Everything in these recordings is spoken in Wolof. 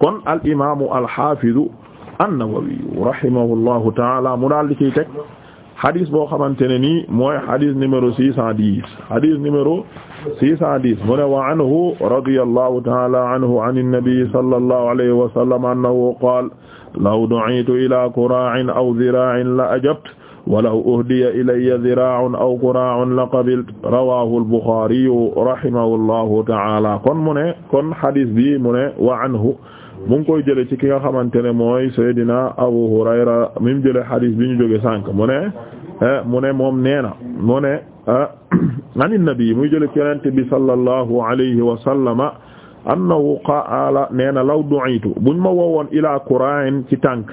kon al imaamu al xaafidu an-Nawawi rahimahullahu taala mu daal di ciy teg hadis boo xamante ne nii mooy hadis numéro 610 hadis numéro 610 mu ne wa anhu radiyallahu taala anhu an an-nabi sallallahu alayhi wa sallam annahu qaala law du'itu ila quraa'in aw dhiraa'in la ajabtu wa law uhdiya ilayya dhiraa'un aw quraa'un la qabiltu rawaahu al-Bukhaari rahimahullahu taala kon mu ne kon hadis bi mu ne wa anhu mu koy jële ci ki nga xamante ne mooy Seydina Abu Hurayra mi mu jële xadiis bi ñu jóge sànq mu ne eh, mu ne moom nee na mu ne eh, ani nabi muy jële ci yonent bi sallallahu alayhi wa sallama annahu qaala nee na law du'itu buñ ma woowoon ila qura'in ci tànk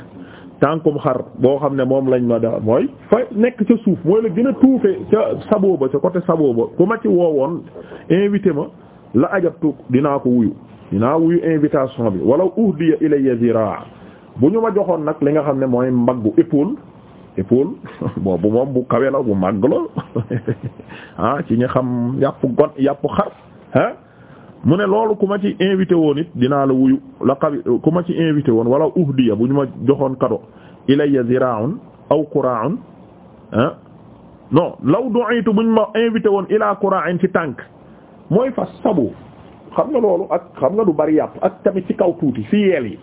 tànkum xar boo xam ne moom lañ ma def mooy fa nekk ca suuf mooy la gën a tuufe ca sabooba ca côté sabooba ku ma ci woowoon invité ma la ajabtu dinaa ko wuyu dinaa wuyu invitation bi wala uhdiya ilayya ziraa bu ñu ma joxoon nag li nga xam ne mooy mbaggu épaule épaule boobu moom bu kawe la bu màgg la ah ci ñu xam yàpp gon yàpp xar ah mu ne loolu ku ma ci invité woon it dinaa la wuyu la xabi ku ma ci invité woon wala uhdiya bu ñu ma joxoon kado ilayya ziraun aw qura'un ah non law du'itu bu ñu ma invité woon ila qura'in ci tànk mooy fas sabu xam nga loolu ak xam nga du bari yàpp ak tamit ci kaw tuuti fi yeel yi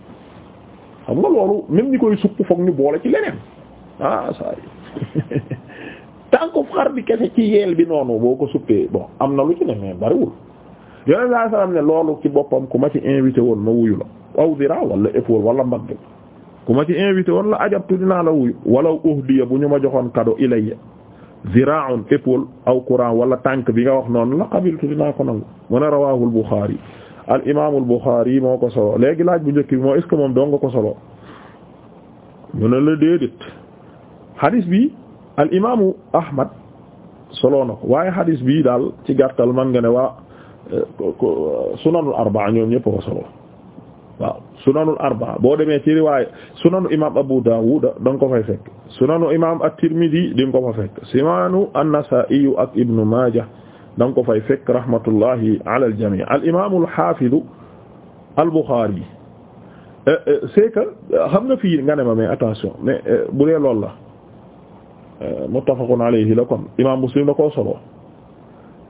xam nga loolu même ñi koy supp foog ñu boole ci leneen ah saa yi tànk xar bi kese ci yeel bi noonu boo ko suppee bon am na lu ci ne mais bariwul yoneen saa salaam ne loolu ci boppam ku ma ci invité woon ma wuyu la aw dira wala épaule wala ku ma ci invité woon la ajabtu dinaa la wuyu wala uhdiya bu ñu ma joxoon cadeau ilayya ziraa'un épaule aw courant wala tànk bi nga wax noonu la qabiltu dinaa ko nangu mu ne rawaahul Buxaari al imaamul Buxaari moo ko solo léegi laaj bu njëkk bi moo est ce que moom doo nga ko solo mu ne la déedéet bi al imaamu Ahmad solo na ko waaye hadis bi daal ci gàttal man nga ne waa eh, sunanul arba'a ñoom ñëpp ko solo waaw. sunanul arba boo demee ci riwaaya sunanu imam Abu Dawud da ko fay fekk sunanu imam at-Tirmidhi ko fa fekk sunanu an-Nasa'i ak Ibn Majah da ko fay fekk rahmatullahi al imam al-hafiz al-Bukhari eh, eh, c'est que euh, xam nga fii nga ne ma mais attention mais euh, bu dee loolu la euh, muttafaqun alayhi la kon imam Muslim da koo solo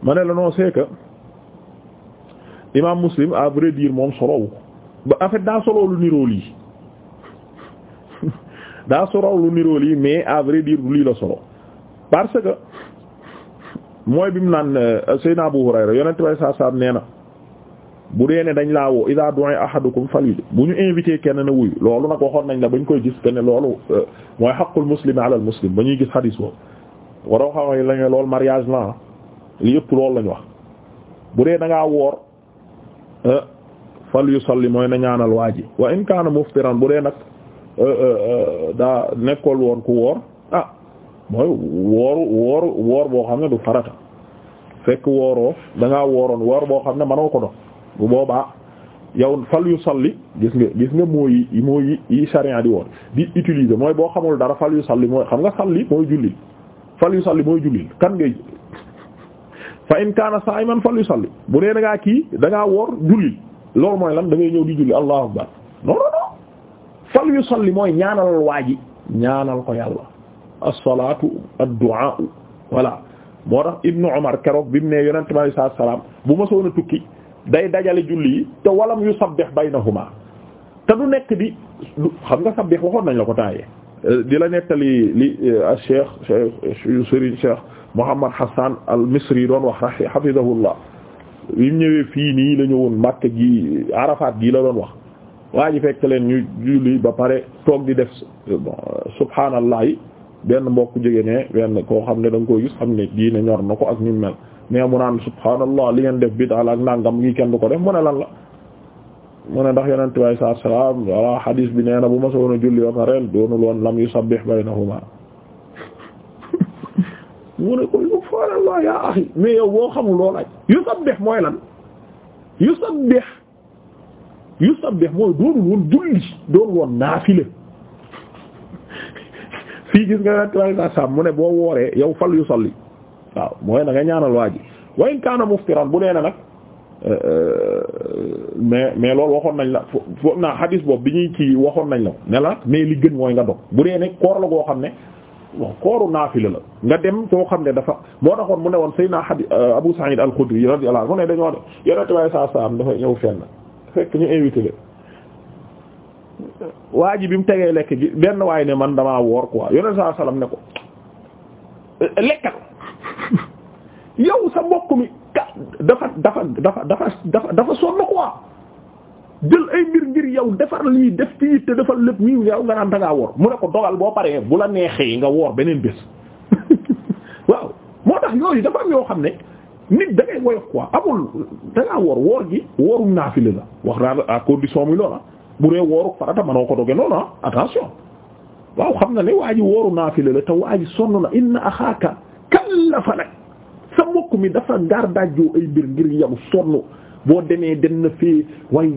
ma ne la non c'est imam Muslim à vrai moom solowu ba en fait daa solo lu niroo lii daa solo lu niroo lii mais à vrai lii la solo parce que mooy bi mu naan euh, Seydina Abu Hurayra yonent way saa saam nee na bu dee ne dañ laa woo idaa du'a ahadukum falyujib bu ñu invité kenn na wuyu loolu nag waxoon nañ la bañ koy gis que ne loolu euh, mooy xaqul muslimi ala al muslim ba ñuy gis xadiis boobu waroo xam ne lañu loolu mariage la ah, li yëpp loolu lañu wax bu dee da woor. Euh, fal yusalli mooy na ñaanal waa ji wa in kaana muftiran bu dee nag euh, euh, euh, daa nekkol woon ku woor ah mooy wooru woor boo xam ne du farata fekk wooroo da wooroon woor boo xam ne mënoo ko dox bu boobaa yow fal yu salli gis nga gis nga mooy yi mooy yi sharia di woon di utiliser mooy boo xamul dara fal yu salli mooy xam nga salli mooy jullil fal yu salli mooy jullil kan ngay fa in kaana sa'iman fal yu salli bu dee da kii da woor jullil lool mooy lan da ngay ñëw di julli allahu akbar non non non fal yu mooy ñaanal waa ji ñaanal ko yàlla as-salaatu ad-du'a voilà moo tax ibnu Umar keroog bi mu ne yonent bi alayhi salaam bu ma soon a tukki day dajale julli yi te walam yu sabbih baynahuma te du nekk di xam nga sabbih waxoon nañ la ko taayee di la nettali li eh, Cheikh Cheikh Serigne Cheikh Mouhammad Hassan al-Misri doon wax hafidahullah bi ñëwee fii nii la woon Makka gi Arafat gi la doon wax waa ji fekk leen ñu julli ba pare toog di def subhaanallah yi benn mbokk jóge ne benn koo xam ne da nga koy gis xam ne diine ñor na ko ak ñu mel mais mu naan subhaanallah li ngeen def bi daal ak nangam ngi kenn du ko def mu ne lan la mu ne ndax yeneen bi sallallahu alayhi wasallam walla xadiis bi nee na bu ma soona julli ba pare doonul woon lam yusabbih baynahuma mu ne ko subhaanallah yaa axi mais yow boo xamul loo laaj yusabbih mooy lan yusabbih yusabbih mooy doonul ne boo wooree yow fal yusalli waaw mooy na nga ñaanal waa ji wa in kaana muftiran bu nee na nag euh, euh, mais mais loolu waxoon nañ la foog naa xadiis boob bi ñuy ci waxoon nañ la ne la mais li gën mooy nga dog bu dee koor la goo xam ne bon kooru naafila la nga dem koo xam ne dafa moo taxoon mu ne woon naa Hadi euh, Abu Sa'id al-Khudri radiyallahu anhu mu ne dañoo de yonente waaye saa saam dafa ñëw fenn fekk ñu invité la waa ji bi mu tegee lekk gi benn waay ne man damaa woor quoi yonent saa salam ne ko euh, lekkal yow sa mbokk mi dafa dafa dafa dafa dafa dafa sonn quoi jël ay mbir ngir yow defar lii def ci it te defal lépp nii yow nga naan da woor mu ne ko dogal boo paree bu la neexee nga woor beneen bés waaw moo tax yooyu dafa am yoo xam ne nit da woyof quoi amul da woor woor gi woorum naafila la wax naa a condition muy loola bu dee wooru farata mënoo ko doge noonu ah, attention waaw xam na ne waa wooru naafila la te waa ji sonn na inna axaaka kallafa lak sa mbokk mi dafa gaar dajjoo ay mbir ngir yow sonn boo demee den na fee waaye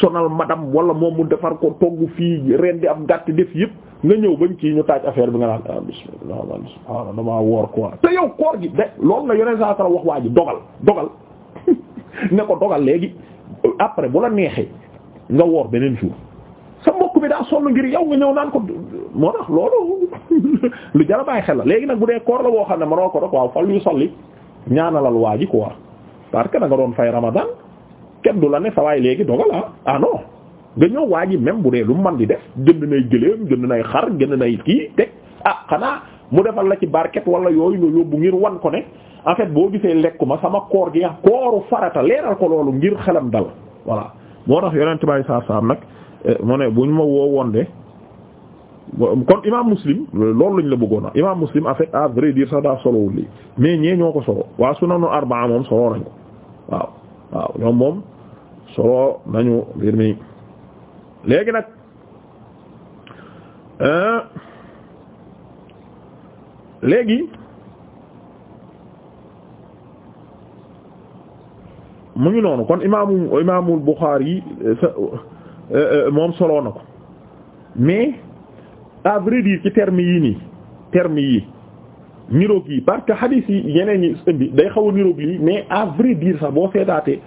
sonal madam wala moom mu defar ko togg fii rendi ab gàtt def yëpp nga ñëw bañ ci ñu taaj affaire bi nga naan ah, ah, ah damaa woor quoi te yow koor gi de loolu la yeneen saa wax waa ji dogal dogal ne ko dogal léegi après bu la neexee nga woor beneen jour sa mbokk bi daa sonn ngir yow nga ñëw naan ko moo tax loolu lu jar xel la léegi nag bu dee koor la boo xam ne mënoo ko rek waaw fal yu solli ñaanalal waa ji quoi. parce que da nga doon fay ramadan kenn la ne sa waay léegi dogala ah. ah non nga ñëw waa ji même bu dee lu man di def jënd nay gëléem jënd nay xar jënd nay kii teg ah xanaa mu defal la ci barket wala yooyu nga yóbbu ngir wan ko ne en boo gisee lekkuma sama koor gi nga kooru farata leeral ko loolu ngir xelam dal voilà moo tax yonent bàyyi saar saar nag eh, mu ne bu ñu ma woo woon de kon imam muslim loolu lañ la bëggoon a imam muslim en fait à vrai dire sax daa moom solo nañ waaw waaw ñoom moom solo nañu mbir léegi nag euh, léegi mu ngi noonu kon imaamu imaamul Bukhari euh, euh, moom solo na ko mais à vrai dire ci termes yii nii termes yii niroog yi parce que hadith yi yeneen yi indi day xaw a niroog lii mais à vrai dire sax boo seetaatee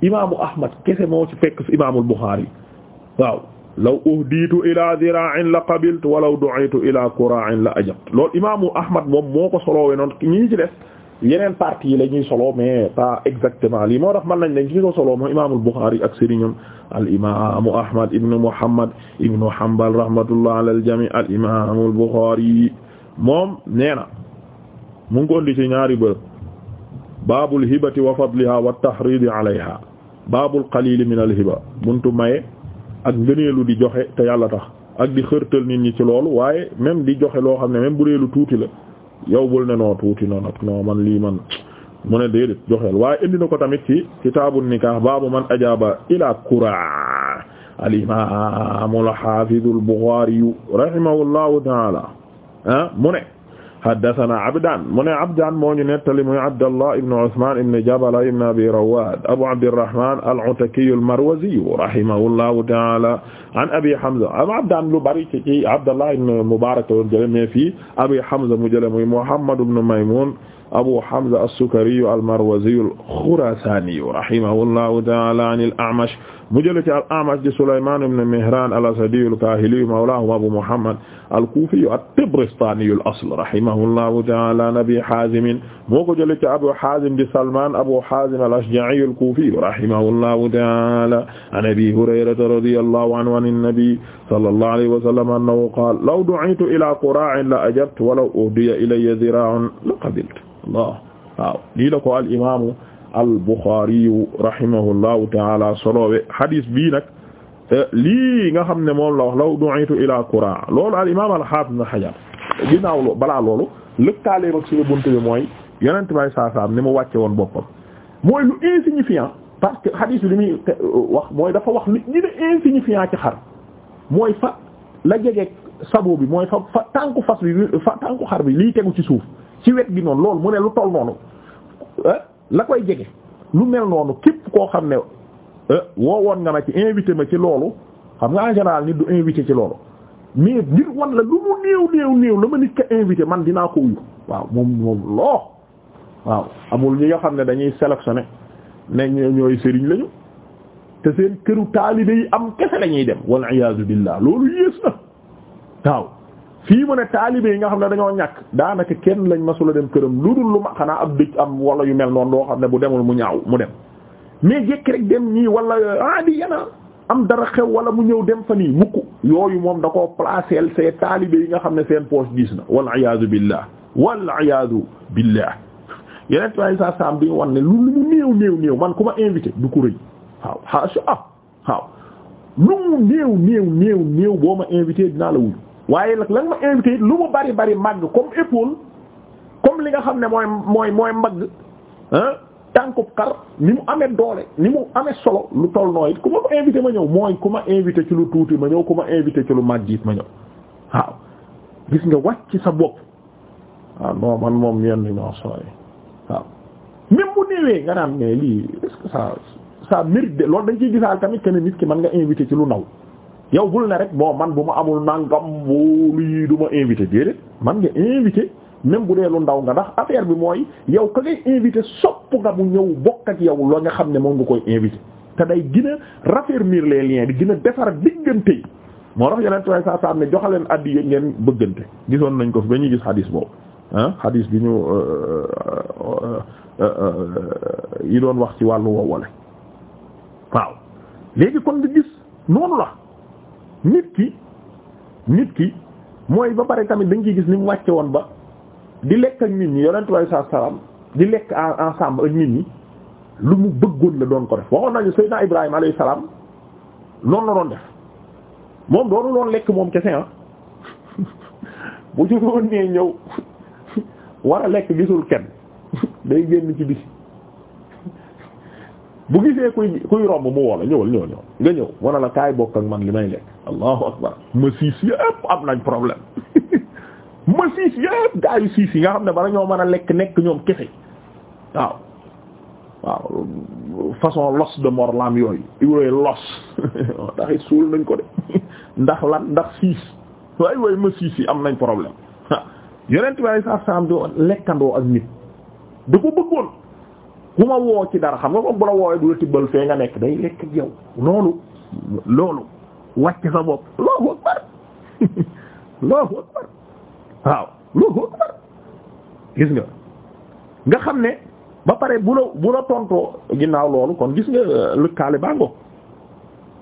imaamu Ahmad kese moo ci fekk si imaamul Bukhari waaw law uhdiitu ila zira'in la qabiltu walaw du'itu ila qura'in la ajabtu loolu imaamu Ahmad moom moo ko soloowe noon ñii ci def yeneen parties yi la ñuy solo mais pas exactement lii moo tax mën nañ dañ ki ko solo moom imaamul Bukhari ak sëriñam al imaamu Ahmad ibn Muhammad ibn Hanbal rahmatullah ala al jami' al imaamul Bukhari moom nee na mu ngi ko indi ci ñaari bër baabul hibati wa fadliha wa tahridi alayha baabul qalili min al hiba buntu maye ak ngëneelu di joxe te yàlla tax ak di xërtal nit ñi ci loolu waaye même di joxe loo xam ne même bu dee lu tuuti la yow bul ne noo tuuti noonu ak non man lii man mu ne déedéet joxeel waaye indi na ko tamit ci kitaabu nikah baabu man ajaaba ila kuraa al imaamul xaafidu al buxaari rahimahullahu taala ah mu ne haddathana Abdaan mu ne Abdaan moo ñu nettali muy Abdallah ibn Usmaan ibn Jabala ibn Abi Rawwaad Abu Abdirrahmaan al-Atakiyu al-Marwaziyu rahimahullahu ta'aala an Abi Hamza am Abdaan lu bari ci ci Abdallah ibn Mubaarak woon jële mais fii Abi Hamza mu jële muy Muhammad ibn Maymuun Abu Hamza as-Sukariyu al-Marwaziyu al-Khuraasaaniyu rahimahullahu ta'aala an al-A'mash mu jële ci al-A'mash di Sulaymaan ibn Mihraan al-Asadi al-Kaahili mawlaahum Abu Muhammad al-Kuufi at-Tabaristani al-asl rahimahullahu ta'ala Abi Haazim moo ko jële ci Abu Haazim di Salmaan Abu Haazim al-Ashja'i al-Kuufi rahimahullahu ta'ala an Abi Hurayrata radiyallahu anhu an an-nabi sallallahu alayhi wa sallam annahu qaala law du'itu ila quraa'in la ajabtu wa law uhdiya ilayya dhiraa'un la qabiltu Allah waaw lii la ko al-imaam al-Bukhari rahimahullahu ta'ala soloowe hadis bii nag eh, lii nga xam ne moom la wax law du'itu ila Qura loolu al-imam al-hafiz ibn Hajar ginnaaw loo balaa loolu lëkkaaleem ak bunt bi mooy yonent bay saasaam ni mu wàcce woon boppam mooy lu insignifiant parce que hadis bi li muy euh, wax mooy dafa wax lu ñu ci xar mooy fa la jege sabo bi mooy fa fa tànku fas bi fa liy tegu ci suuf ci wet gi noonu lool mu ne lu toll noonu eh? la koy jege lu mel noonu képp koo xam ne eh, woo woon nga na ci invité ma ci loolu xam nga en général nit du invité ci loolu mais ngir wan la lu mu néew néew néew la ma nit ka invité man dinaa ko wuyu waaw moom moom loo waaw amul ñi nga xam ne dañuy sélectionné ne ñooy sëriñ lañu te seen këru taalibe yi am kese lañuy dem wal iyaazu billah loolu yées na waaw fii mu ne taalibe yi nga xam ne dañoo ñàkk daanaka kenn lañ masula dem këram lu dul lu ma xanaa ab dëj am wala yu mel noonu loo xam ne bu demul mu ñaaw mu dem mais jékki rek dem nii wala ah di yana am dara xew wala mu ñëw dem fa nii mukk yooyu moom da koo placé see taalibe yi nga xam ne seen poche gis na wal iyaadu billah wal iyaadu billah yeneen tubaab yi saa saa am di wan ne lu mu néew néew néew man ku ma invité du ko rëy waaw xaasu ah, ah, ah. lu mu néew néew néew néew boo ma invité dinaa la wuyu waaye nag lan ma invité lu mu bari bari màgg comme épaule comme li nga xam ne mooy mooy mag màgg ah tànkub xar ni mu amee doole ni mu amee solo lu toll nooy ku ma ko invité ma ñëw mooy ku ma invité ci lu tuuti ma ñëw ku ma invité ci lu màgg it ma ñëw waaw gis nga wàcc sa bopp waaw ah, non man moom yenn ñoo sooy waaw même bu néewee nga naan mais lii est-ce de loolu dañ ciy gisaal tamit que ne nit ki mën nga invité ci lu naw yow bul ne rek bon man bu ma amul nangam bu lii du ma invité déedéet man nga invité même bu dee lu ndaw nga ndax affaire bi mooy yow ka ngay invité sopp nga mu ñëw bokk ak yow loo nga xam ne moom nga koy invité te day gën a raffermir les liens di gën a defar diggante yi moo tax yeneen tubaab saa saa am ne joxaleen addi ngeen bëggante gisoon nañ ko fi ba ñuy gis xadiis boobu ah xadiis bi ñu euh, euh, euh, yi doon wax ci wàllu wowale waaw léegi kon nga gis noonu la. nit ki nit ki mooy ba pare tamit dañ ciy gis ni mu wàcce woon ba di lekk ak nit ñi yonent bi saa salaam di lekk ensemble ak nit ñi lu mu bëggoon la doon ko def waxoon nañu Seydina Ibrahima alayhi salaam noonu la doon def moom doonu loon lekk moom kese ah bu ci nee ñëw war a lekk gisul kenn day génn ci bis bu gisee kuy kuy romb mu woo la ñëwal ñëw ñëw nga ñëw wana la kaay bokk ak man li may lekk. allahu akbar ma siis yëpp am nañ problème ma siis yëpp gaa yu siis yi nga xam ne bala ñoo mën a lekk nekk ñoom kese waaw waaw façon los de morlam yooyu yooyu los ndax suul nañ ko de ndax lan ndax siis waay waay ma siis yi am nañ problème yonent bi saa saa am di lekkandoo ak nit da ko bëggoon ku ma woo ci dara xam nga ko bu la woowee du la tibbal fee nga nekk day lekk ak yow loolu loolu wàcc sa bopp allahu akbar allahu akbar waaw allahu akbar gis nga nga xam ne ba pare bu la bu la tontoo ginnaaw loolu kon gis nga euh, lëkkaale bàngo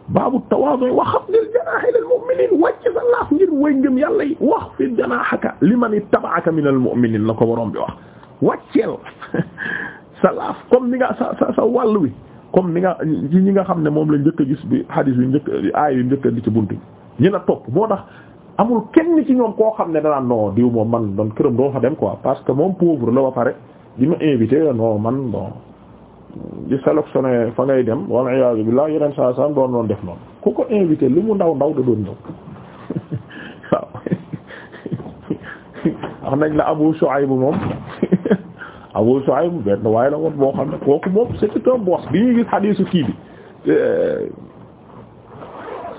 baabu tawaadu wa xafdil janaahi lil mu'miniin wàcc sa laaf ngir way ngëm yàlla yi wax fi janaahaka liman ittaba'aka minal mu'miniin la ko borom bi wax wàcceel sa laaf comme ni nga sa sa sa wàll wi comme ni nga ci ñi nga xam ne moom la njëkk a gis bi hadis yu njëkk aay yu njëkk di ci bunt bi ñi la topp moo tax amul kenn ci ñoom koo xam ne danaan non diw moom man doon këram doo fa dem quoi parce que moom pauvre la ba pare di ma invité non man bon di sélectionné fa ngay dem wal iyaazu billaah yeneen saa doon doon def noonu ku ko invité lu mu ndaw ndaw da doon ñëw waaw wax nañ la Abu Shuayb moom Abu Shuayb benn waaye la woon boo xam ne kooku moom c'était un boss bi ñuy gis xadiisu kii bi euh,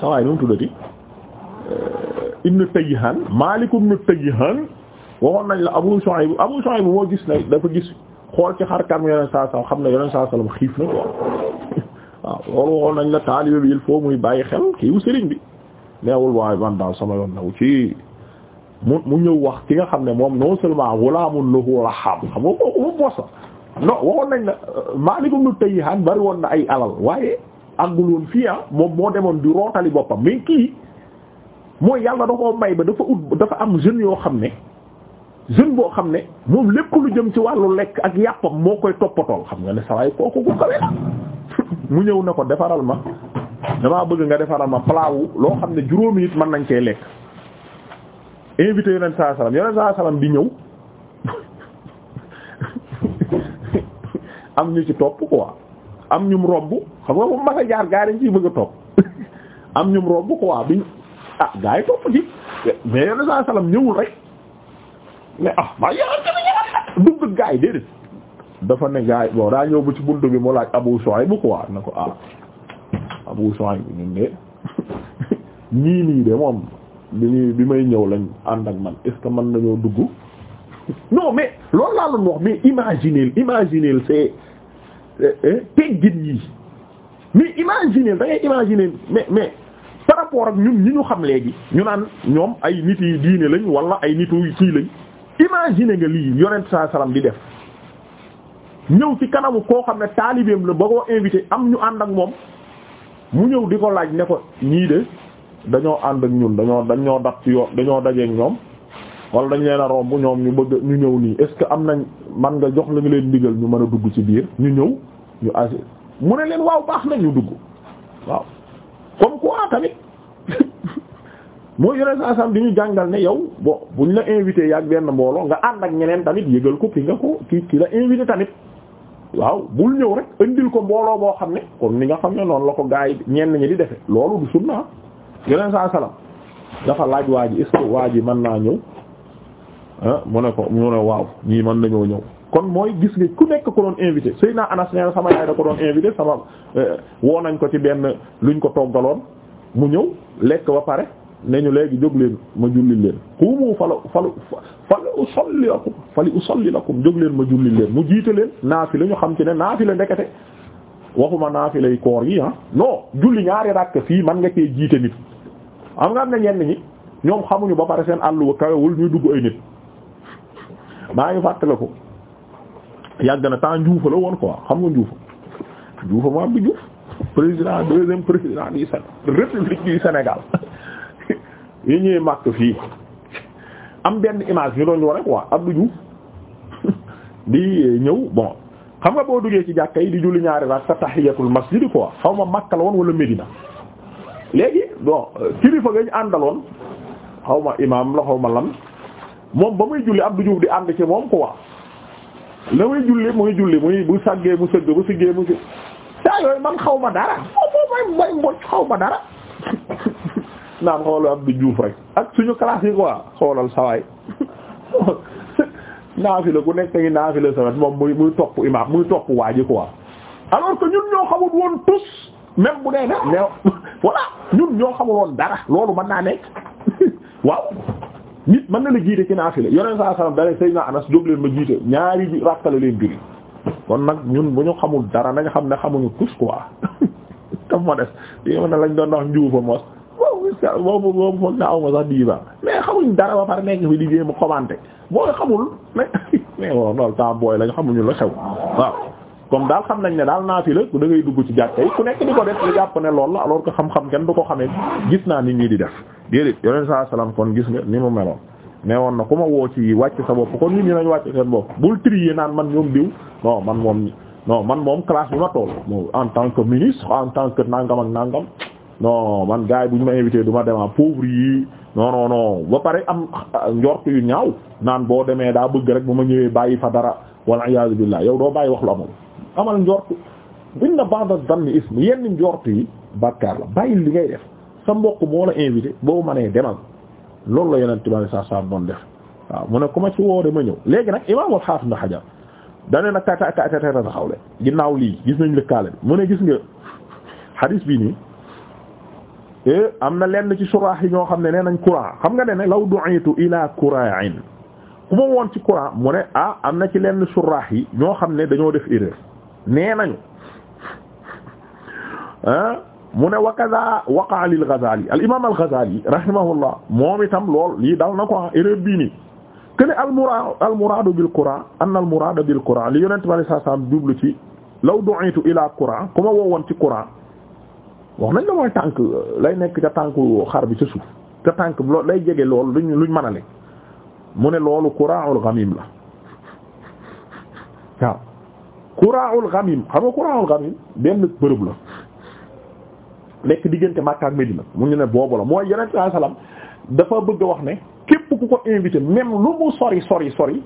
sa waay nu mu tuddati euh, Ibn Tayyihan Maalik ibn Tayyihan waxoon nañ la Abu Shuayb Abu Shuayb moo gis ne dafa gis xool ci xar kanam Yonent saa sallam xam na Yonent saa sallam xiif na waaw loolu waxoon nañ la taalibe bi il faut muy bàyyi xel kii wu sëriñ bi neewul waaye man sama yoon naw ci mu mu ñëw wax ki nga xam ne moom non seulement wulaamun lahu rahab xam nga kooku moom bos la non waxoon nañ la Maalik ibn Tayyihaan bari woon na ay alal waaye àggul woon fii ah moom moo demoon di rootali boppam mais kii mooy yàlla da koo may ba dafa ut dafa am jeunes yoo xam ne jeune boo xam ne moom lépp lu jëm ci wàllu lekk ak yàppam moo koy toppatool xam nga ne saa waay kooku ku kawe mu ñëw na ko defaral ma damaa bëgg nga defaral ma palaawu loo xam ne juróomi mën nañ cee lekk. invité yonent saa salaam di saa ñëw am ñu ci topp quoi am ñum romb xam nga bu mas gaa yi dañ ciy a topp am ñum romb quoi bi ah gaa yi topp ci mais yonent saa salaam ñëwul rek mais ah maa yaa dugg gaa yi déedéet dafa ne gaa yi bon daa ñëw ba ci buntu bi moo laaj Abu Shuayb bu quoi na ko ah Abu Shuayb bu ñun de ñii de moom bi ñuy bi may ñëw lañ ànd ak man est man que mën dugg non mais loolu laa doon wax mais imaginez imaginez c'est eh, eh, teggin yi mais imaginez da ngay mais mais par rapport ak ñun ñi ñu xam léegi ñu naan ñoom ay nit yi diine lañ wala ay nitu kii lañ imaginer nga lii yonent saa di def ñëw ci kanamu koo xam ne taalibeem la ba koo invité am ñu ànd ak moom mu ñëw di ko laaj ne ko ñii de. dañoo ànd ak ñun dañoo dañoo dab ci yoon dañoo dajeeg ñoom wala dañ leen a romb ñoom ñu bëgg ñu ñëw nii est ce que am nañ man nga jox lañu nga leen ndigal ñu mën a dugg ci biir ñu ñëw ñu as mu ne leen waaw baax na ñu dugg waaw comme quoi tamit mooy yeneen saa sam di ñu jàngal ne yow bon buñ la invité yaag benn mbooloo nga ànd ak ñeneen tamit yëgal ko ki nga ko ki ki la invité tamit waaw bul ñëw rek indil ko mbooloo boo xam ne kon ni nga xam ne noonu la ko gaay ñenn ñi di defe loolu du sunna yeneen saa salaam dafa laaj waa ji est ce que waa mën naa ñëw ah mu ne ko mu ne waaw ñii mën nañoo ñëw kon mooy gis nga ku nekk ko doon invité Seydina Anas nee na sama yaay da ko doon invité sama eh, woo nañ ko ci benn luñ ko toggaloon mu ñëw lekk ba pare ne ñu léegi jóg leen ma julli leen xuumu fala fala fali usalli lakum fali usalli lakum jóg leen ma julli leen mu jiite leen la ñu xam ci ne naafila ndekete waxuma naafilay koor yi ah non julli ñaari fii man nga cee jiite nit xam nga am na ñenn ñi ñoom xamuñu ba pare seen àll kawewul ñuy dugg ay nit maa ngi fàttaliku yàgg na temps njuufa la woon quoi xam nga njuufa njuufa moo am bi Diouf président deuxième président du république du Sénégal yi ñuy màkk fii am benn image ñu doon ñu rek quoi Abdou Diouf di ñëw bon xam nga boo duggee ci jàkka yi di julli ñaari raak sa tahiyatul masjid quoi xaw ma Makka la woon wala Medina léegi bon kilifa gañ àndaloon xaw ma imaam la xaw ma lan moom ba muy julli Abdou Diouf di ànd ci moom quoi la muy julli muy julli muy bu sàggee mu sëgg bu siggee mu si saa yooyu man xaw ma dara moom moom may may ma dara naan rek ak suñu classe yi quoi xoolal nekk ngi naafila sawet muy muy topp imaam muy topp waa ji quoi alors que ñun ñoo xamut woon tous même bu dee ne mais voilà ñun ñoo xamuloon dara loolu mën naa nekk waaw nit mën na la jiite ci naafila yoneen saa sallam dara Seydina Anas jóg leen ma jiite ñaari ji ràkkale leen julli kon nag ñun bu ñu xamul dara nañ xam ne xamuñu tous quoi daf lañ doon wax njuufa mos boobu boobu foog naa aw ma sax diiba mais xamuñ dara ba pare nekk fi liggéey mu commenté booy xamul mais mais loolu temps booy lañ xamuñu la xew waaw comme daal xam nañ ne daal naafi la da ngay dugg ci jàkka yi ku nekk jàpp ne lool la alors que xam-xam kenn du ko xamee gis naa nit ñi di def déedéet yoneen saa salaam kon gis nga ni mu meloon ne woon na ku ma woo ci wàcc sa nit ñi nañ wàcc seen bopp bul trier naan man ñoom diw non man moom non man moom classe bi ma tool mo en tant que ministre en tant que nangam ak nangam noo man gars bu ñu ma invité du ma dema pauvre yi non non ba pare am njort yu ñaaw naan boo demee daa bëgg rek bu ma ñëwee bàyyi fa dara wal iyaazu billah yow doo bàyyi wax lu amul amal njort inna ba'da dhanni ism yenn njort yi bàkkaar la bàyyil li ngay def sa mbokk moo la invité boo mënee demal loolu la yeneen tubaab yi saa saa doon def waaw mu ne ku ma ci woo de ma ñëw léegi nag imaamul xaafis na xajar dane nag tata tata tata taxaw leen ginnaaw lii gis nañ lëkkaale bi mu ne gis nga xadiis bii nii eh, am na lenn ci suraax yi ñoo xam ne nee nañ Qur'an xam nga ne ne law du'itu ila Qur'an ku ma woon ci Qur'an mu ne ah am na ci lenn suraax yi ñoo xam ne dañoo def erreur nee nañu ah, mu ne wa kaza waqa lil Ghazali al imam al Ghazali rahimahullah moom itam lool lii dal na ko ah, erreur bii nii kene al muraad al muraadu bil Qur'an anna al muraada bil Qur'an li yonent bi sallallahu alayhi wasallam jublu ci law du'itu ila Qur'an ku ma ci Qur'an wax nañ la mooy lay nekk ca tànku xar ca suuf ca tànk loolu lay jege loolu luñ luñ mën mu ne loolu Qur'anul ghamim la waaw Qura'ul Ghamim xam nga Qura'ul Ghamim benn bërëb la nekk diggante Makka ak Medina mu ñu ne boobu la mooy Yonent sallallahu dafa bëgg a wax ne képp ku ko invité même lu mu sori sori sori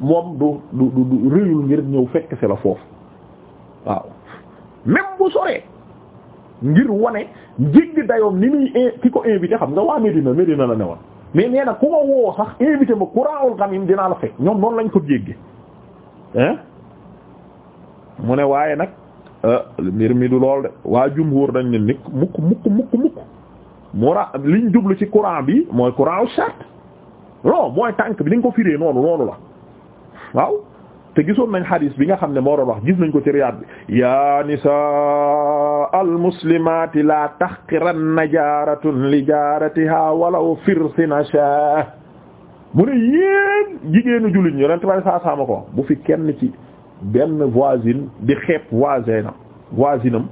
moom du du du du rëyul ngir ñëw fekk si la foofu waaw même bu soree ngir wane jégg dayoom ni muy ki ko invité xam nga waa Medina Medina la ne woon mais nee na ku ma woo sax invité ma Qura'ul Ghamim dinaa la fekk ñoom noonu lañ ko jéggee hein mu ne waaye nag euh, mbir mi du lool de waa jumhur dañ ne nit mukk mukk mukk liñ jublu ci courant bi mooy courant u shart non mooy tànk bi ni ko firee noonu noonu la waaw te gisoon nañ xadiis bi nga xam ne moo doon wax gis nañ ko ci riyaad bi yaa nisaa almuslimaati la tahqiranna jaaratun li jaaratiha walaw firsina shaa mu ne yéen jigéenu jullit ñu yonent bari saa ko bu fi kenn ci benn voisine di xeeb voisinam voisinam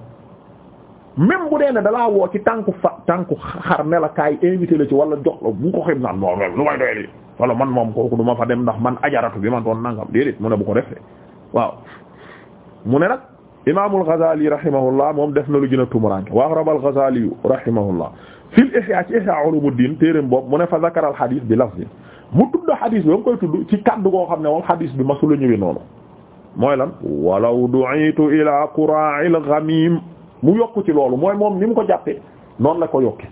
même bu dee ne dalaa woo ci tànku fa tànku xar ne la kaay invité ci wala jox la bu ko xeeb naan non lu may doyal wala man moom kooku du ma fa dem ndax man ajaratu bi man doon nangam déedéet mu ne bu ko defee waaw mu ne nag imaamul Ghazali rahimahullah moom def na lu gën a tumuranke wa rabal Ghazali rahimahullah fil Ihya ci Ihya Ulumuddin téereem boobu mu ne fa zakaral hadith bi lafzi mu tudd hadith bi ba ci kaddu goo xam ne moom hadith bi masul la ñëwee noonu. mooy lan walaw du'itu ila qura'il ghamim mu yokk ci loolu mooy moom ni mu ko jàppee noonu la ko yokke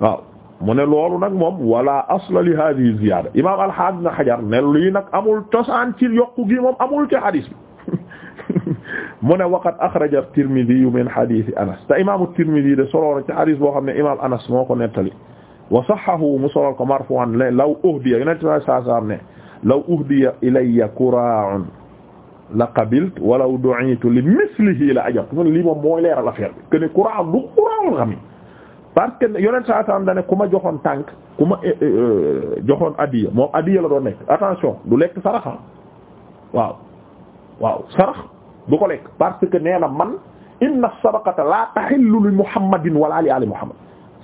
waaw mu ne loolu nag moom wala asla li hadhihi ziyada imam alhaadis na xajar ne lii nag amul tosaan ci yokku gi moom amul ci hadis bi mu ne waqad akhraja at-Tirmidhi min hadith Anas te imam at-Tirmidhi de soloona ci hadis boo xam ne imam Anas moo ko nettali wa sahhahu mu solol ko marfu'an law uhdiya yonent saa saa ne law uhdiya ilayya qura'un la qabilt walaw du'itu li mislihi la ajabtu man lii moom mooy leeral affaire bi que ne courant du courant xam parce que yonent saa salaam da ne ku ma joxoon tànk ku ma eh, eh, euh, joxoon addiya moom addiya la doon nekk attention du lekk sarax ah. waaw waaw sarax du ko lekk parce que nee na man inna sadaqata la tahillu li muhammadin wala li ali muhammad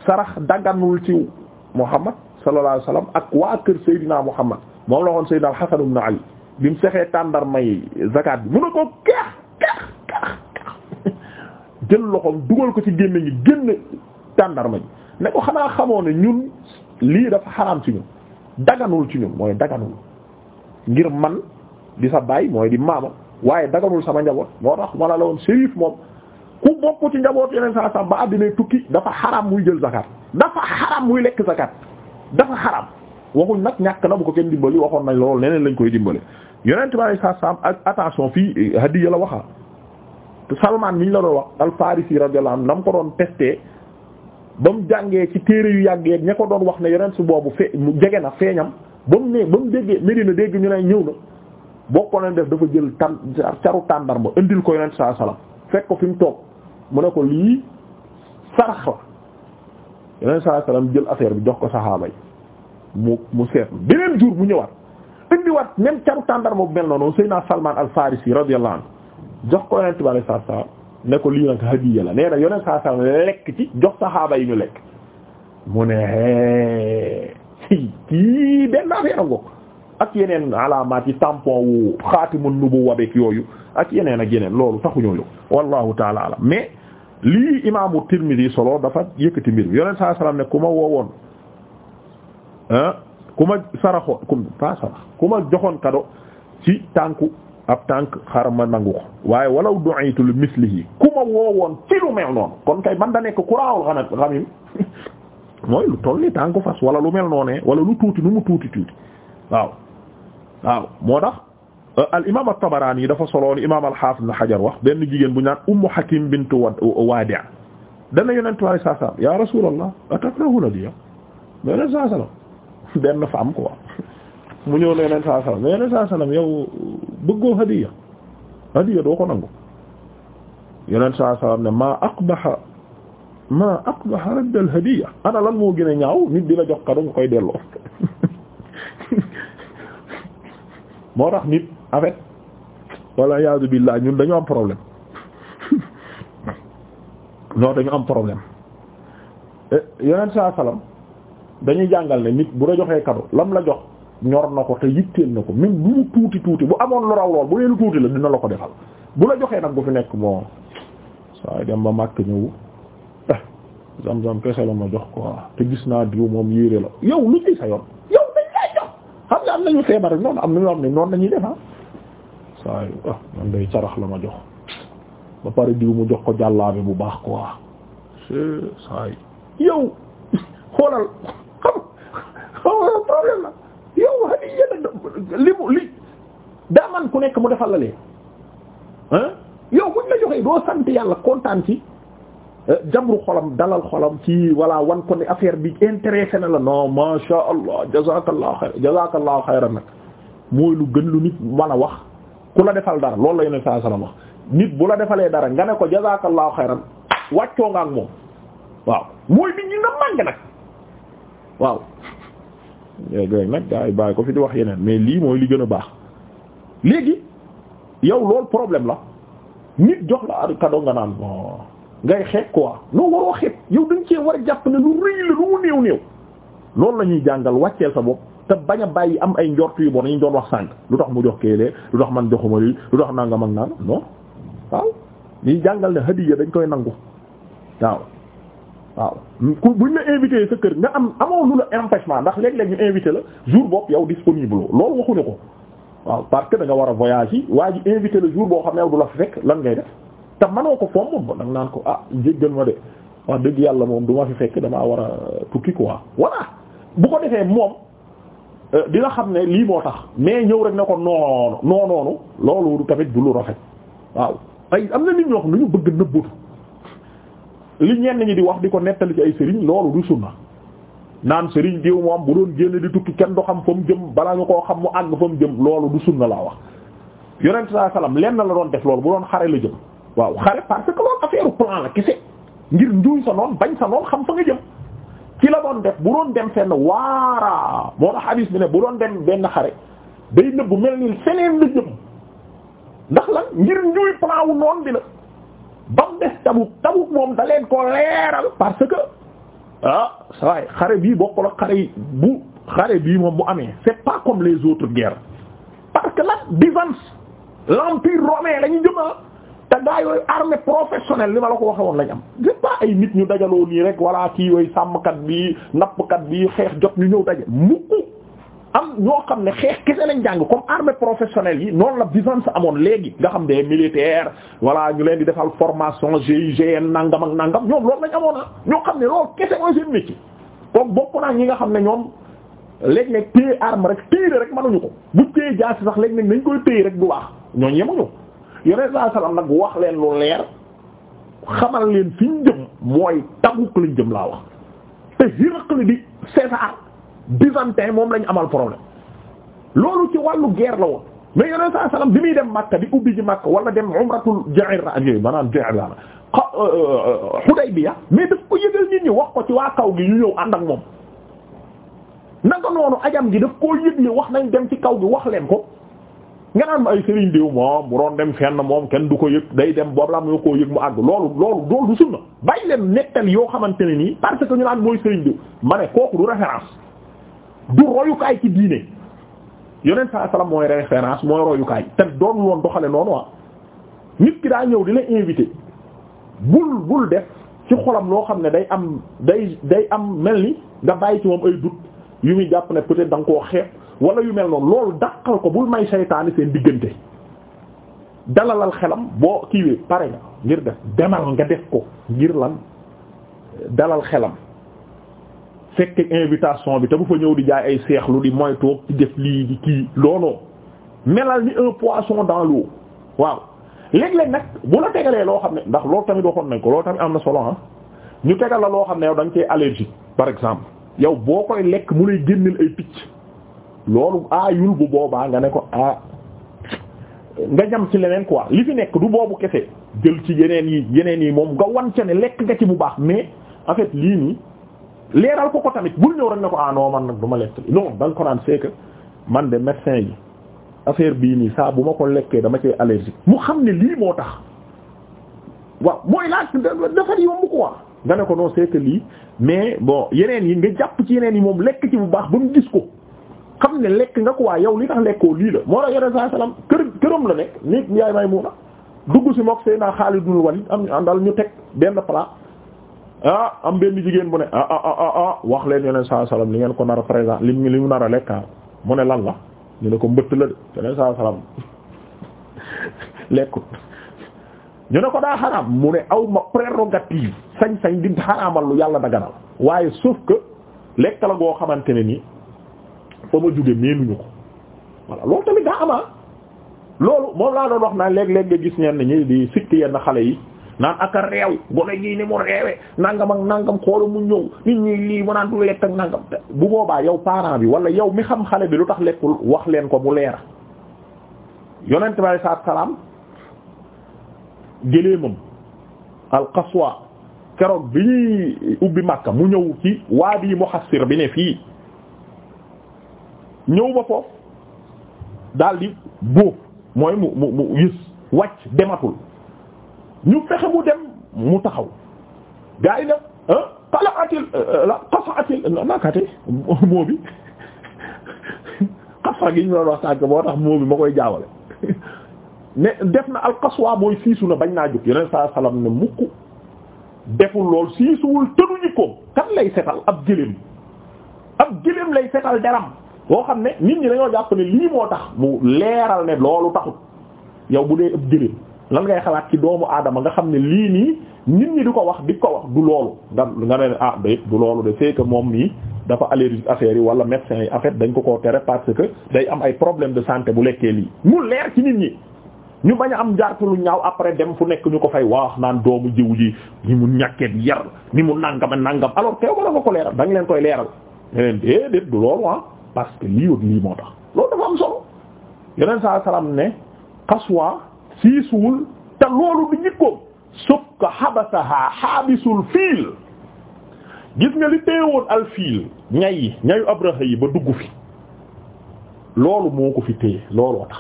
sarax daganul ci muhammad sallallahu alayhi wasallam ak waa kër Seydina muhammad moom la waxoon Seydina al-Hasan ibn Ali bi mu sexee tàndarma yi zakat bi mun a ko keex keex keex jël loxoom dugal ko ci gémmiñ gi génn tàndarma ji ne ko xanaa xamoo ne ñun lii dafa xaraam ci ñun daganul ci ñun mooy daganul ngir man di sa baay mooy di maama waaye daganul sama njaboot moo tax wala la woon sérif moom ku bokk ci njaboot yeneen saa sax ba àddina tukki dafa xaraam muy jël zakat dafa xaraam muy lekk zakat dafa xaraam waxuñ nag ñàkk na bu ko kenn dimbali waxoon nañ loolu leneen lañ koy dimbali yonent bari sa sam ak attention fii eh, hadiya la waxa te Salman mi ñu la doon wax al-Farisi radiyallahu anhu na mu ko doon testé ba mu jàngee ci téere yu yàggee ña ko doon wax ne yonent si boobu fe mu jege na feeñam ba mu ne ba mu ñu ne ñëw na boo ko leen dafa jël tan caru tàndarma indil ko yonent saa fekk ko fi mu toog mu ne ko lii sarax la yonent saa salaam jël affaire bi jox ko saxaaba yi mu mu set beneen jour mu ñëwaat indiwaat même caru tàndar boobu mel noonu Seydina Salman al-Farisi radiyallahu anhu jox ko yonent bi sallallahu alayhi ne ko lii nag hadiya la nee na lekk ci jox saxaaba yi ñu lekk mu ne kii benn affaire a ngokk ak yeneen alaamaat yi tampon wu xaatimun nubuwwa beek yooyu ak yeneen ak yeneen loolu taxuñoo yow wallahu taala alam mais lii imaamu Tirmidhi solo dafa yëkkati mbir mi yonent sallallahu alayhi wasallam ne ku ma woowoon ku ma saraxoon ku ma joxoon kado ci tànku ab tànk xar ma nangu ko waaye walaw du'itu li mislihi ku ma woowoon ci lu mel noonu kon kay man da nekk kuraawul xanaa mooy lu toll ni tànku fas wala lu mel noonee wala lu tuuti nu mu tuuti tuuti waaw waaw moo tax euh, al imaam at-Tabarani yi dafa soloon imaam al-Hafiz na Hajar wax benn jigéen bu ñaan Ummu Hakim bintu Wadi' dana yonentu Yàlla sallallahu alayhi wa sallam ya Rasulallah atakrahu al-yawm benn femme quoi mu ñëw ne yeneen saa salaam ne yeneen saa salaam yow bëggoo hadiya hadiya doo ko nangu yeneen saa salaam ne maa aqbaha maa aqbaha radd al hadiya ana moo gën a ñaaw nit di la jox kado nga koy delloo moo tax nit en fait walla iyaazu billaah ñun dañu am problème ñoo dañu am problème yeneen saa salaam dañuy jàngal ne nit bu la joxee cadeau lam la jox ñor na ko te yitteel na ko même bu mu tuuti tuuti bu amoon lu raw bu dee lu tuuti la dina la ko defal bu la joxee nag bu fi nekk bon saa dem ba màkk ñëw ah zam-zam ma jox quoi te gis naa diw moom yéere la yow lu ci sa yoon yow dañ am nañu xam ne noonu la ñuy def ah. ah, man day sarax la ma jox ba pare diw mu jox ko jàllaabe bu baax ko c'est saa yow xoolal. problème la yow hadiya la li mu li daa ku nekk mu defal la lee ah yow buñ la joxee doo sant yàlla kontaan ci eh, jabru xolam dalal xolam ci voilà wan ko ne affaire bi intéressé na la non ma sha allah jazakallahu xayran jazakallahu xayran nag mooy lu gën lu nit mën a wax ku la defal dara loolu la yoneen saa sallam nit bu la defalee dara nga ne ko jazakallahu xayran wàccoo nga ak moom waaw mooy nit ñi nga màng nag waaw yooyu nag gars yi bàyyi ko fi di wax yeneen mais lii mooy li gën a baax léegi yow loolu problème la nit jox la cadeau nga naan bon ngay xeeb quoi non waroo xeeb yow dañ cee war a jàpp ne lu rëy la lu mu néew néew loolu la ñuy jàngal wàcceel sa bopp te bañ a bàyyi am ay njort yu bon yi ñu doon wax sànq lu tax mu jox keelee lu tax man joxuma lii lu tax nangam ak naan non waaw ñuy jàngal ne hadiya dañ koy nangu waaw waaw buñ la invité sa kër nga am amoo lu la empêchement ndax léeg-léeg ñu invité la jour bopp yow disponible loolu waxuñu ko waaw parce que da war a voyage yi waa ji invité la jour boo xam ne yow du la fi fekk lan ngay def te mënoo ko fomm ba da nga naan ko ah jéggal ma de wax dëgg yàlla moom du ma fi fekk damaa war a tukki quoi voilà bu ko defee moom euh, dina xam ne lii moo tax mais ñëw rek ne ko noonoonu noonoonu loolu tamit du lu rafet waaw ay am na nit ñoo xam li ñenn ñi di wax di ko nettali ci ay sëriñ loolu du sunna naan sëriñ diw moom bu doon génn di tukki kenn du xam fa mu jëm balaa ñu koo xam mu àgg fa mu jëm loolu du sunna laa wax yonent saa salaam lenn la doon def loolu bu doon xare la jëm waaw xare parce que loolu affaire plan la kese ngir njuuy sa noon bañ sa noon xam fa nga jëm ci la doon def bu doon dem fenn waara moo tax hadis bi ne bu doon dem benn xare day nëbbu mel ni feneen la jëm ndax ba mu des Tabuk Tabuk moom da leen ko leeral parce que ah saa yi xare bii bokkul ak xare yi bu xare bii moom bu amee c'est pas comme les autres guerres parce que la Byzance l'empire romain la ñu jëma ah, te gaa yooyu armée professionnelle li ma la ko waxe woon lañ am c'est pas ay nit ñu dajaloo nii rek walaa kii yooyu sàmmkat bi nappkat bii xeex jot ñu ñëw daje mukk am ñoo xam ne xeex kese lañ jàng comme armée professionnelle yi noonu la Byzance amoon léegi nga xam des militaires voilà ñu leen di defal formation GIGN nangam ak nangam ñoom loolu lañ amoon ah ñoo xam ne loolu kese mooy seen métier comme bokk naa ñi nga xam ne ñoom léeg-léeg téye arme rek téye rek mënuñu ko bu téye jaasi sax léeg-léeg nañ koy téye rek bu baax ñooñu yemuñu yeneen saa salaam nag wax leen lu leer xamal leen fi ñu jëm mooy Tabuk lañ jëm laa wax byzantin moom lañu amal problème loolu ci wàllu geer la woon mais yeneen saa salaam bi muy dem Makka di ubbi ji Makka wala dem umratul Ja'irra ak yooyu maanaam Ja'irra euh, euh, euh, Hudaybiya mais daf ko yëgal nit ñi wax ko ci waa kaw gi ñu ñëw ànd ak moom. naka noonu ajam gi daf koo yëgle wax nañ dem ci kaw gi wax leen ko nga naan ay Serigne Diouf moom bu doon dem fenn moom kenn du ko yëg day dem boobu la am yoo koo yëg mu àgg loolu loolu loolu du sunna bàyyi leen nettal yoo xamante ne nii parce que ñu naan mooy Serigne Diouf ma ne kooku du du royukaay ci diine yonent saa salaam mooy référence mooy royukaay te doon woon doxale noonu waa ah. nit ki daa ñëw di invité bul bul def ci xolam loo xam ne day am day day am mel ni nga bàyyi ci moom ay dut yu muy jàpp ne peut-être da nga koo xeeb wala yu mel noonu loolu daqal ko bul may seytaane seen diggante dalalal xelam boo kiiwee pare nga ngir def demal nga def ko ngir lan dalal xelam fekk invitation bi te bu fa ñëw di jaay ay seexlu di moytoog ci def lii di kii looloo melal ni un poisson dans l'eau waaw léeg-léeg nag bu la tegalee loo xam ne ndax loolu tamit waxoon nañ ko loolu tamit am na solo ah ñu tegal la loo xam ne yow dañ nga cee allergique par exemple yow boo koy lekk mu lay génneel ay picc loolu aayul bu boobaa nga ne ko ah nga ñam ci leneen ko quoi li fi nekk du boobu kese jël ci yeneen yi yeneen yi moom nga wan ca ne lekk nga ci bu baax mais en lii nii. leeral ko ko tamit bul ñëw rek ne ko ah non man nag du ma lekk non da nga ko naan c'est man de médecin yi affaire bii nii saa bu ma ko lekkee dama cay allergique mu xam ne lii moo tax waaw mooy laaj dafa yomb ko wax nga ne ko non c'est lii mais boo yeneen yi nga jàpp ci yeneen yi moom lekk ci bu baax ba mu gis ko xam ne lekk nga ko waa yow li tax lekkoo lii la moo tax yeneen saa salaam kër këram la nekk nit yaay may muuna dugg si mook sëy naa Xaalidul Walid àndal ñu teg benn plat ah am benn jigéen mu ne ah, ah, ah, wax leen yoneen saa salaam li ngeen ko nara a présent li mu li mu nar a lekk mu ne lan la ñu ne ko mbëtt la de yoneen saa salaam lekkut ñu ne ko daa xaraam mu ne aw ma prérogative sañ-sañ di xaraamal yàlla daganal waaye sauf que lekk la goo xamante ne nii fa ma jóge meenuñu ko voilà loolu tamit daa amaa loolu moom laa doon wax naa léeg-léeg nga gis ñenn ñi di sikk yenn xale yi. naan ak a réew gone gii ni mu réewee nangam ak nangam xoola mu ñëw nit ñi lii mu naan du lekk ak nangam bu boobaa yow parent bi wala yow mi xam xale bi lu tax lekkul wax leen ko mu leera yonent bi alayhi salaatu salaam géléemam alqaswa keroog bi ñuy ubbi Makka mu ñëw ci waadi Muhassir bi ne fii ñëw ba foofu daldi bóof mooy mu mu mu gis wàcc dematul ñu fexe mu dem mu taxaw gaa yi nag ah, xala eh, atil la xasa atil nakate moo bi wax sànk boo tax moo bi ma koy jaawale ne def na alqaswa mooy siisu na bañ naa jóg yeneen saa salaam ne mukk deful lool siisuwul tënu jikkoom kan lay setal ab gëléem ab gëléem lay setal deram boo xam ne nit ñi dañoo jàpp ne lii moo tax mu leeral ne loolu taxut yow bu dee ab gëléem lan ngay xalaat ci doomu aadama nga xam ne lii nii nit ñi du ko wax di ko wax du loolu nga nga ne ah du loolu de c'est que moom nii dafa allergique affaire yi wala médecin yi en dañ ko koo tere parce que day am ay problème de santé bu lekkee lii mu leer ci nit ñi ñu bañ a am njaartu lu ñaaw après dem fu nekk ñu ko fay waax naan doomu jiw ji ni mu ñàkkee yar ni mu nangama nangam alors teew ko la nga ko leeral da leen koy leeral ne leen déedéet du loolu ah parce que lii wut lii siisuwul te loolu du jikkoom sukka xabasaha xaabisul fiil gis nga li téyewoon al fiil ñay yi ñayu abraha yi ba dugg fi loolu moo ko fi téye looloo tax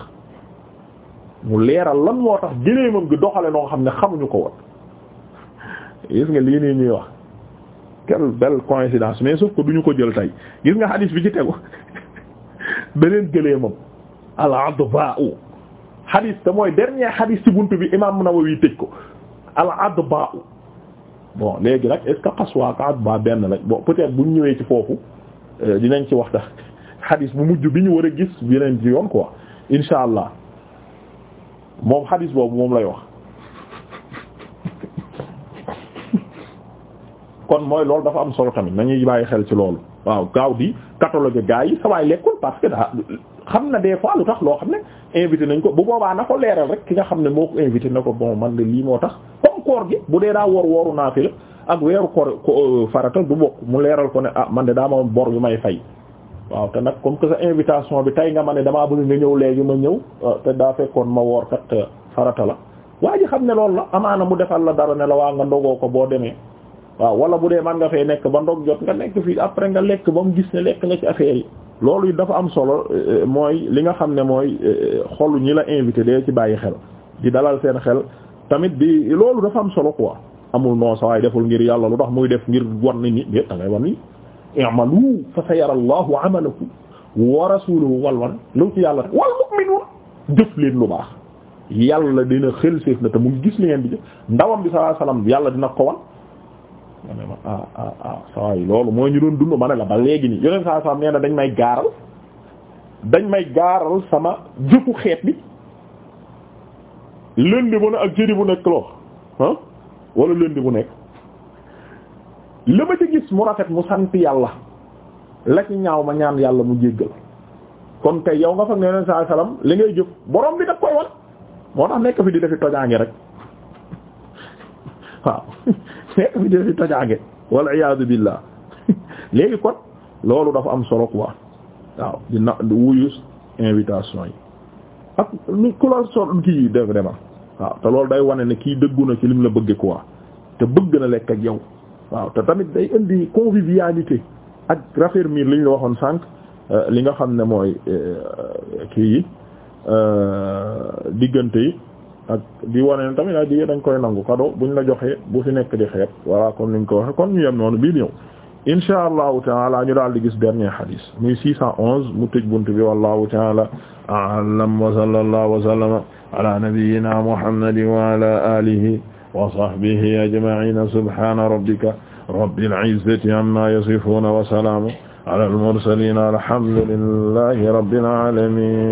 mu leeral lan moo tax gëléemam gi doxale noo xam ne xamuñu ko woon gis nga lii nii ñuy wax quelle belle coïncidence mais sauf ko duñu ko jël tey gis nga hadis bi ci tegu beneen gëléemam al adba'u xadis te mooy dernier xadis ci buntu bi imaam Nawawi tëj ko al adba bon léegi nag est ce que qaswa ka benn la bon peut-être bu ñu ñëwee ci foofu euh, dinañ ci wax tax xadis bu mujj bi ñu war a gis yeneen ci yoon quoi insha allah moom xadis boobu moom lay wax. kon mooy loolu dafa am solo tamit nañuy bàyyi xel ci loolu waaw gaaw di catalogue gars yi sa waay lekkul parce que daa xam na des fois lu tax loo xam ne. invité nañ ko bu boobaa na ko leeral rek ki nga xam ne moo ko invité na ko bon man de lii moo tax comme koor gi bu dee daa woor wooru naafila ak weeru koor euh, farata du bokk mu leeral ko ne ah man de daa ma bor bi may fay waaw te nag comme que sa invitation bi tey nga ma ne damaa bëgg nga ñëw léegi ma ñëw euh, te daa fekkoon ma woor kat euh, farata la waa ji xam ne loolu la amaana mu defal la dara ne la waa nga ndogoo ko boo demee waaw wala bu dee man nga fay nekk ba ndog jot nga nekk fii après nga lekk ba mu gis ne lekk nga ci affaire yi loolu it dafa am solo eh, eh, mooy li nga xam ne mooy eh, xolu ñi la invité dee ci bàyyi xel di dalal seen xel tamit bi loolu dafa am solo quoi amul non sa deful ngir yàlla lu tax muy def ngir wan nit ñi déet da ngay wan ni i'malu fa sayara allahu amalakum wa rasuluhu wal wan lu ci yàlla wal mu'minun def leen lu baax yàlla dina xel séef na te mu gis li ngeen ndawam bi sallallahu alayhi wasallam yàlla dina ko ma ne ah, ah, ah, loolu moo ñu doon dund ma ne la ba léegi nii yeneen saa saa nee na dañ may gaaral dañ may gaaral sama jëfu xeet bi lundi bu ak jëri bu nekk loo wala lundi bu nekk la ma ci gis mu rafet mu sant yàlla la ci ñaaw ma ñaan yàlla mu jéggal kon tey yow nga fa ne yeneen salaam li ngay jëf borom bi daf koy wan moo tax nekk fi di defi tojaange rek waaw. fi dee fi tojaange walla iyaadu billaah léegi kon loolu dafa am solo quoi waaw di na di wuyu invitation yi ak ni ku la sol kii def demal waaw te loolu day wane ne kii dëggu na ci lim la bëgge quoi te bëgg na lekk ak yow waaw te tamit day indi convivialité ak raffermir li ñu waxoon sànq euh, li nga xam ne mooy euh, kii euh, diggante yi ak di wane ne tamit addiya dañ koy nangu kado buñ la joxee bu fi nekk di xeet voilà kon niñ ko waxe kon ñu yem noonu bii ñëw insha allahu taala ñu daal di gis dernier hadith muy 611 mu tëj bunt bi wallahu taala a'lam wa sallallahu wa sallama ala nabiyyina muhammadin wa ala alihi wa sahbihi ajma'ina subhana rabbika rabbil izzati amma yasifuna wa salamun ala al mursalin alhamdulillahi rabbil alamin